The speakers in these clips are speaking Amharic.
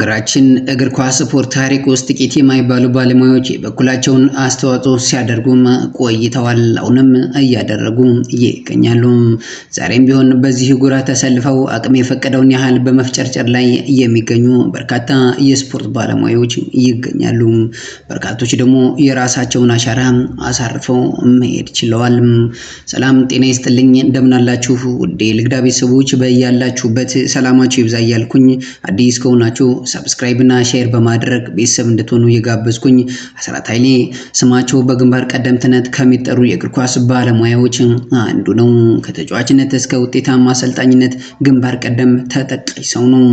በሀገራችን እግር ኳስ ስፖርት ታሪክ ውስጥ ጥቂት የማይባሉ ባለሙያዎች የበኩላቸውን አስተዋጽኦ ሲያደርጉም ቆይተዋል። አሁንም እያደረጉ ይገኛሉ። ዛሬም ቢሆን በዚህ ጉራ ተሰልፈው አቅም የፈቀደውን ያህል በመፍጨርጨር ላይ የሚገኙ በርካታ የስፖርት ባለሙያዎች ይገኛሉ። በርካቶች ደግሞ የራሳቸውን አሻራ አሳርፈው መሄድ ችለዋል። ሰላም ጤና ይስጥልኝ። እንደምናላችሁ ውዴ ልግዳ ቤተሰቦች፣ በያላችሁበት ሰላማችሁ ይብዛ እያልኩኝ አዲስ ከሆናችሁ ሰብስክራይብ እና ሼር በማድረግ ቤተሰብ እንድትሆኑ እየጋበዝኩኝ አስራት ኃይሌ ስማቸው በግንባር ቀደምትነት ከሚጠሩ የእግር ኳስ ባለሙያዎች አንዱ ነው። ከተጫዋችነት እስከ ውጤታማ አሰልጣኝነት ግንባር ቀደም ተጠቃሽ ሰው ነው።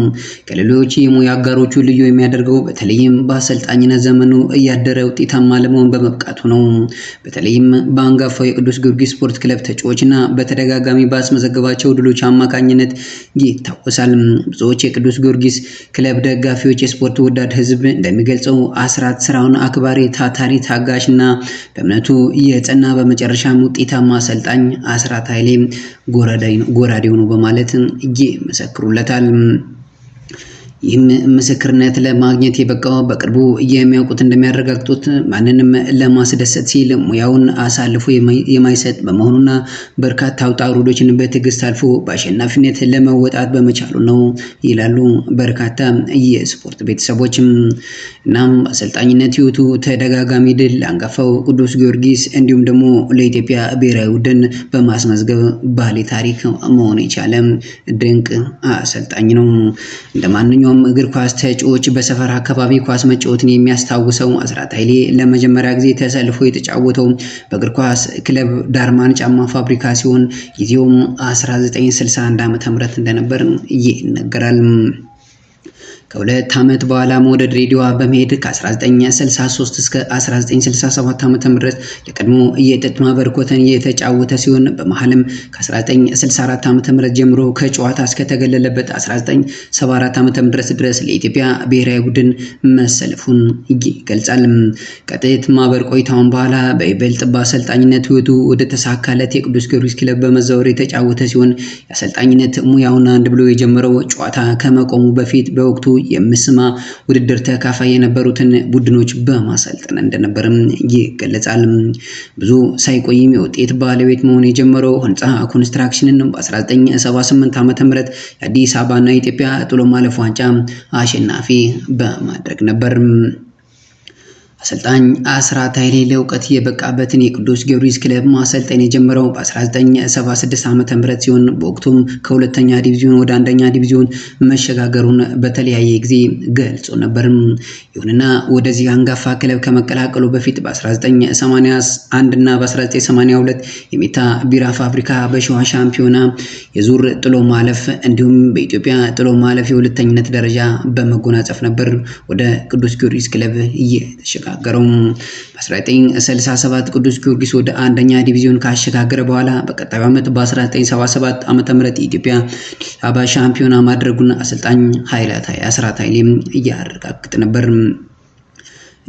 ከሌሎች የሙያ አጋሮቹ ልዩ የሚያደርገው በተለይም በአሰልጣኝነት ዘመኑ እያደረ ውጤታማ ለመሆን በመብቃቱ ነው። በተለይም በአንጋፋው የቅዱስ ጊዮርጊስ ስፖርት ክለብ ተጫዋችና በተደጋጋሚ ባስመዘገባቸው ድሎች አማካኝነት ይታወሳል። ብዙዎች የቅዱስ ጊዮርጊስ ክለብ ደግ ደጋፊዎች የስፖርት ወዳድ ህዝብ እንደሚገልጸው አስራት ስራውን አክባሪ፣ ታታሪ፣ ታጋሽና በእምነቱ የጸና በመጨረሻም ውጤታማ አሰልጣኝ አስራት ኃይሌ ጎራዴው ነው በማለት ይመሰክሩለታል። ይህም ምስክርነት ለማግኘት የበቃው በቅርቡ የሚያውቁት እንደሚያረጋግጡት ማንንም ለማስደሰት ሲል ሙያውን አሳልፎ የማይሰጥ በመሆኑና በርካታ ውጣ ውረዶችን በትዕግስት አልፎ በአሸናፊነት ለመወጣት በመቻሉ ነው ይላሉ በርካታ የስፖርት ቤተሰቦችም። እናም አሰልጣኝነት ህይወቱ ተደጋጋሚ ድል ለአንጋፋው ቅዱስ ጊዮርጊስ እንዲሁም ደግሞ ለኢትዮጵያ ብሔራዊ ቡድን በማስመዝገብ ባህሌ ታሪክ መሆን የቻለ ድንቅ አሰልጣኝ ነው። እንደማንኛው የቀድሞም እግር ኳስ ተጫዎች በሰፈር አካባቢ ኳስ መጫወትን የሚያስታውሰው አስራት ኃይሌ ለመጀመሪያ ጊዜ ተሰልፎ የተጫወተው በእግር ኳስ ክለብ ዳርማን ጫማ ፋብሪካ ሲሆን ጊዜውም 1961 ዓ.ም እንደነበር ይነገራል። ከሁለት ዓመት በኋላም ወደ ድሬዳዋ በመሄድ ከ1963 እስከ 1967 ድረስ የቀድሞ የጥጥ ማህበር ኮተን የተጫወተ ሲሆን በመሀልም ከ1964 ዓ.ም ጀምሮ ከጨዋታ እስከተገለለበት 1974 ም ድረስ ለኢትዮጵያ ብሔራዊ ቡድን መሰለፉን ይገልጻል። ከጥጥ ማህበር ቆይታውን በኋላ በይበልጥ በአሰልጣኝነት ህይወቱ ወደ ተሳካለት የቅዱስ ጊዮርጊስ ክለብ በመዛወር የተጫወተ ሲሆን የአሰልጣኝነት ሙያውን አንድ ብሎ የጀመረው ጨዋታ ከመቆሙ በፊት በወቅቱ የምስማ ውድድር ተካፋይ የነበሩትን ቡድኖች በማሰልጠን እንደነበርም ይገለጻል። ብዙ ሳይቆይም የውጤት ባለቤት መሆን የጀመረው ህንፃ ኮንስትራክሽንን በ1978 ም የአዲስ አበባና ኢትዮጵያ ጥሎ ማለፍ ዋንጫ አሸናፊ በማድረግ ነበር። አሰልጣኝ አስራት ኃይሌ ለእውቀት የበቃበትን የቅዱስ ጊዮርጊስ ክለብ ማሰልጠን የጀመረው በ1976 ም ሲሆን በወቅቱም ከሁለተኛ ዲቪዚዮን ወደ አንደኛ ዲቪዚዮን መሸጋገሩን በተለያየ ጊዜ ገልጾ ነበርም። ይሁንና ወደዚህ አንጋፋ ክለብ ከመቀላቀሉ በፊት በ1981 እና በ1982 የሜታ ቢራ ፋብሪካ በሸዋ ሻምፒዮና የዙር ጥሎ ማለፍ እንዲሁም በኢትዮጵያ ጥሎ ማለፍ የሁለተኝነት ደረጃ በመጎናጸፍ ነበር ወደ ቅዱስ ጊዮርጊስ ክለብ እየተሸጋ አሸጋገረው። በ1967 ቅዱስ ጊዮርጊስ ወደ አንደኛ ዲቪዚዮን ካሸጋገረ በኋላ በቀጣዩ ዓመት በ1977 ዓ.ም ኢትዮጵያ አባ ሻምፒዮና ማድረጉን አሰልጣኝ ኃይላት አስራት ኃይሌም እያረጋግጥ ነበር።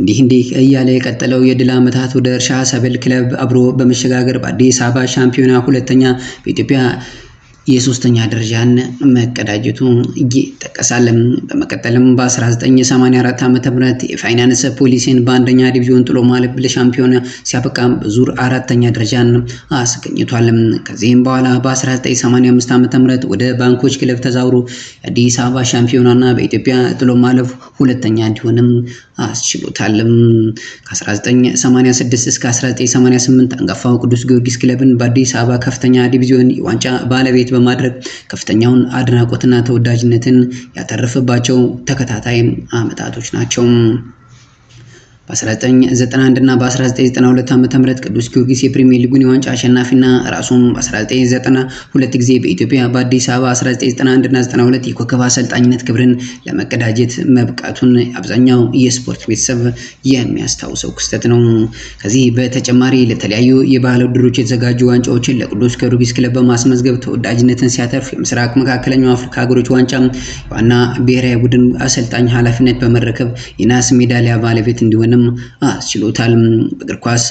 እንዲህ እንዲህ እያለ የቀጠለው የድል ዓመታት ወደ እርሻ ሰብል ክለብ አብሮ በመሸጋገር በአዲስ አበባ ሻምፒዮና ሁለተኛ በኢትዮጵያ የሶስተኛ ደረጃን መቀዳጀቱ ይጠቀሳል። በመቀጠልም በ1984 ዓ ም የፋይናንስ ፖሊሲን በአንደኛ ዲቪዥን ጥሎ ማለፍ ለሻምፒዮን ሲያበቃ በዙር አራተኛ ደረጃን አስገኝቷል። ከዚህም በኋላ በ1985 ዓ ም ወደ ባንኮች ክለብ ተዛውሮ የአዲስ አበባ ሻምፒዮናና በኢትዮጵያ ጥሎ ማለፍ ሁለተኛ እንዲሆንም አስችሎታል። ከ1986 እስከ 1988 አንጋፋው ቅዱስ ጊዮርጊስ ክለብን በአዲስ አበባ ከፍተኛ ዲቪዚዮን የዋንጫ ባለቤት በማድረግ ከፍተኛውን አድናቆትና ተወዳጅነትን ያተረፈባቸው ተከታታይ ዓመታቶች ናቸው። በ1991 ና በ1992 ዓ ም ቅዱስ ጊዮርጊስ የፕሪሚየር ሊጉን የዋንጫ አሸናፊና ራሱም በ1992 ሁለት ጊዜ በኢትዮጵያ በአዲስ አበባ 1991 እና 92 የኮከብ አሰልጣኝነት ክብርን ለመቀዳጀት መብቃቱን አብዛኛው የስፖርት ቤተሰብ የሚያስታውሰው ክስተት ነው። ከዚህ በተጨማሪ ለተለያዩ የባህል ውድድሮች የተዘጋጁ ዋንጫዎችን ለቅዱስ ጊዮርጊስ ክለብ በማስመዝገብ ተወዳጅነትን ሲያተርፍ የምስራቅ መካከለኛው አፍሪካ ሀገሮች ዋንጫ ዋና ብሔራዊ ቡድን አሰልጣኝ ኃላፊነት በመረከብ የናስ ሜዳሊያ ባለቤት እንዲሆንም መሆኑን አስችሎታል። በእግር ኳስ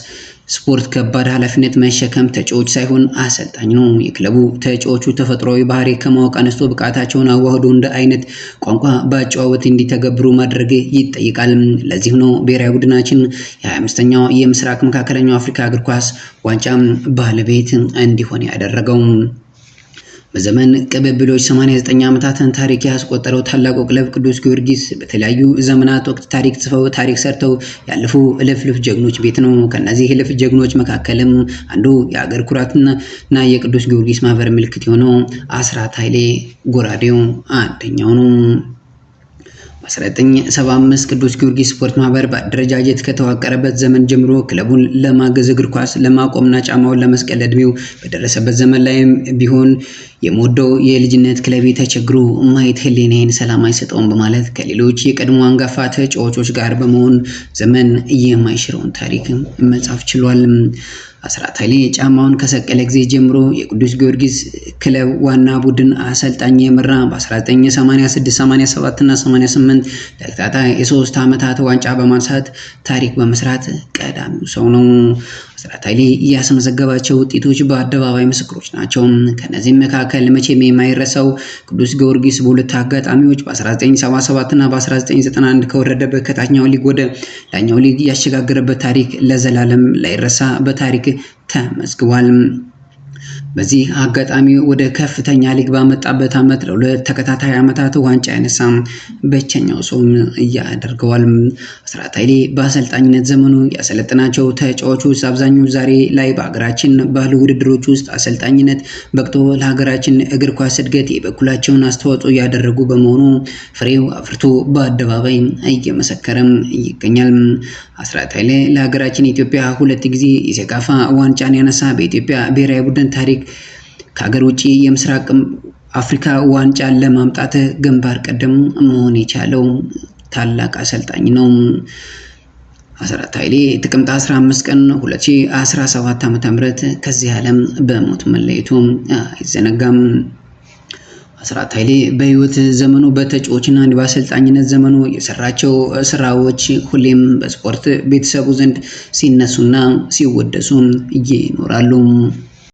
ስፖርት ከባድ ኃላፊነት መሸከም ተጫዋች ሳይሆን አሰልጣኝ ነው። የክለቡ ተጫዋቹ ተፈጥሯዊ ባህሪ ከማወቅ አነስቶ ብቃታቸውን አዋህዶ እንደ አይነት ቋንቋ በአጨዋወት እንዲተገብሩ ማድረግ ይጠይቃል። ለዚህ ነው ብሔራዊ ቡድናችን የ25ኛው የምስራቅ መካከለኛው አፍሪካ እግር ኳስ ዋንጫ ባለቤት እንዲሆን ያደረገው። በዘመን ቅብብሎች 89 ዓመታትን ታሪክ ያስቆጠረው ታላቁ ክለብ ቅዱስ ጊዮርጊስ በተለያዩ ዘመናት ወቅት ታሪክ ጽፈው ታሪክ ሰርተው ያለፉ እልፍልፍ ጀግኖች ቤት ነው። ከነዚህ እልፍ ጀግኖች መካከልም አንዱ የአገር ኩራትና የቅዱስ ጊዮርጊስ ማህበር ምልክት የሆነው አስራት ኃይሌ ጎራዴው አንደኛው ነው። በ1975 ቅዱስ ጊዮርጊስ ስፖርት ማህበር በአደረጃጀት ከተዋቀረበት ዘመን ጀምሮ ክለቡን ለማገዝ እግር ኳስ ለማቆምና ጫማውን ለመስቀል እድሜው በደረሰበት ዘመን ላይም ቢሆን የምወደው የልጅነት ክለቤ ተቸግሮ ማየት ህሊናዬን ሰላም አይሰጠውም በማለት ከሌሎች የቀድሞ አንጋፋ ተጫዋቾች ጋር በመሆን ዘመን የማይሽረውን ታሪክ መጻፍ ችሏል። አስራት ኃይሌ ጫማውን ከሰቀለ ጊዜ ጀምሮ የቅዱስ ጊዮርጊስ ክለብ ዋና ቡድን አሰልጣኝ የመራ በ1986፣ 87 እና 88 ለቅጣጣ የሶስት ዓመታት ዋንጫ በማንሳት ታሪክ በመስራት ቀዳሚው ሰው ነው። ስራት ኃይሌ እያስመዘገባቸው ውጤቶች በአደባባይ ምስክሮች ናቸው። ከነዚህም መካከል መቼም የማይረሳው ቅዱስ ጊዮርጊስ በሁለት አጋጣሚዎች በ1977 እና በ1991 ከወረደበት ከታችኛው ሊግ ወደ ላይኛው ሊግ ያሸጋገረበት ታሪክ ለዘላለም ላይረሳ በታሪክ ተመዝግቧል። በዚህ አጋጣሚ ወደ ከፍተኛ ሊግ ባመጣበት ዓመት ለሁለት ተከታታይ ዓመታት ዋንጫ ያነሳም ብቸኛው ሰውም እያደርገዋል። አስራት ኃይሌ በአሰልጣኝነት ዘመኑ ያሰለጠናቸው ተጫዋቾች አብዛኛው ዛሬ ላይ በሀገራችን ባህል ውድድሮች ውስጥ አሰልጣኝነት በቅቶ ለሀገራችን እግር ኳስ እድገት የበኩላቸውን አስተዋጽኦ እያደረጉ በመሆኑ ፍሬው አፍርቶ በአደባባይ እየመሰከረም ይገኛል። አስራት ኃይሌ ለሀገራችን ኢትዮጵያ ሁለት ጊዜ የሴካፋ ዋንጫን ያነሳ በኢትዮጵያ ብሔራዊ ቡድን ታሪክ ከሀገር ውጭ የምስራቅ አፍሪካ ዋንጫን ለማምጣት ግንባር ቀደም መሆን የቻለው ታላቅ አሰልጣኝ ነው። አስራት ኃይሌ ጥቅምት 15 ቀን 2017 ዓ.ም ከዚህ ዓለም በሞት መለየቱ አይዘነጋም። አስራት ኃይሌ በህይወት ዘመኑ በተጫዋችና እንዲህ በአሰልጣኝነት ዘመኑ የሰራቸው ስራዎች ሁሌም በስፖርት ቤተሰቡ ዘንድ ሲነሱና ሲወደሱ ይኖራሉ።